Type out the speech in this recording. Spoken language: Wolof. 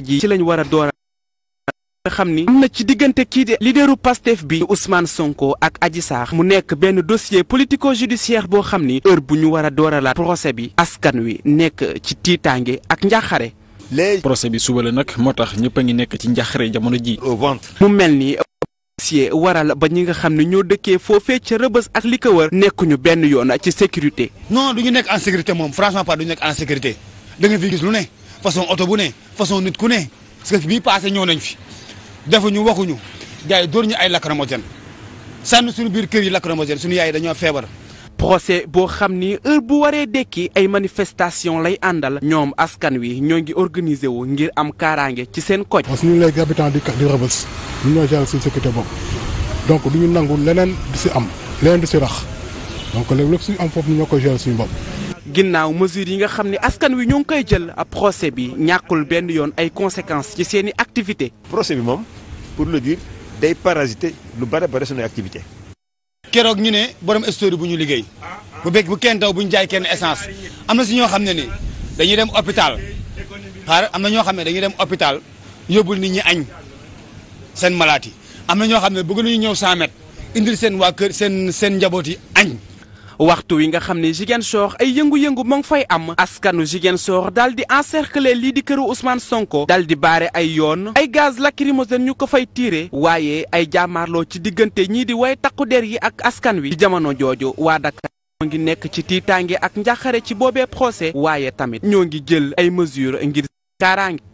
ji ci lañ war a door nga xam ni am na ci diggante kii de leaderu Pastef bi Ousmane Sonko ak aji saax mu nekk benn dossier politico judiciaire boo xam ni heure bu ñu war a dooralaat procès bi askan wi nekk ci tiitaange ak njaxare léegi procès bi suba la nag moo tax ñëpp a ngi nekk ci njaxare jamono ji au ventre mu mel ni. dossier waral ba ñi nga xam ne ñoo dëkkee foofee ca rëbës ak li ko wër nekkuñu benn yoon ci sécurité. non du ñu nekk en sécurité moom franchement pas du en sécurité façon oto bu ne façon nit ku ne parce que bii passé ñëw nañ fi defuñu waxuñu gars yi dóor ñu ay lacrymogène sànni suñu biir kër yi lacrymogène suñu yaay dañoo feebar. procès boo xam ni heure bu waree dekki ay manifestation lay àndal ñoom askan wi ñoo ngi organisé wu ngir am kaaraange ci seen koj parce que ñu ngi les habitants di di Rebeuss ñu ñoo jàll suñu sécurité boobu donc du ñu nangu leneen di si am leneen di si rax donc lépp suñu am foofu ñu ñoo koy gérer suñu bopp ginnaaw mesures yi nga xam ni askan wi ñoo ngi koy jël ab procès bi ñàkkul benn yoon ay conséquence ci seeni activité activités. procès bi moom pour le dire day parasiter lu bare bare suñu activité keroog ñu ne borom story bu ñu liggéey bu bëgg bu kenn taw bu ñu jaay kenn essence am na si ñoo xam ne ni dañuy dem hôpital xaar am na ñoo xam ne dañuy dem hôpital yóbbul nit ñi añ seen malaat yi am na ñoo xam ne bëgg nañu ñëw 100 mètres indil seen waa kër seen seen njaboot yi añ. waxtu wi nga xam ne soox ay yëngu-yëngu moo ngi fay am askanu Ziguinchor daal di encercler lii di këru Ousmane Sonko daal di baare ay yoon ay gaz lacrymogène ñu ko fay tiire waaye ay jaamaarloo ci diggante ñii di way takku der yi ak askan wi jamono jooju waa Dakar ñoo ngi nekk ci tiitaange ak njàqare ci boobee procès waaye tamit ñoo ngi jël ay mesures ngir kaaraange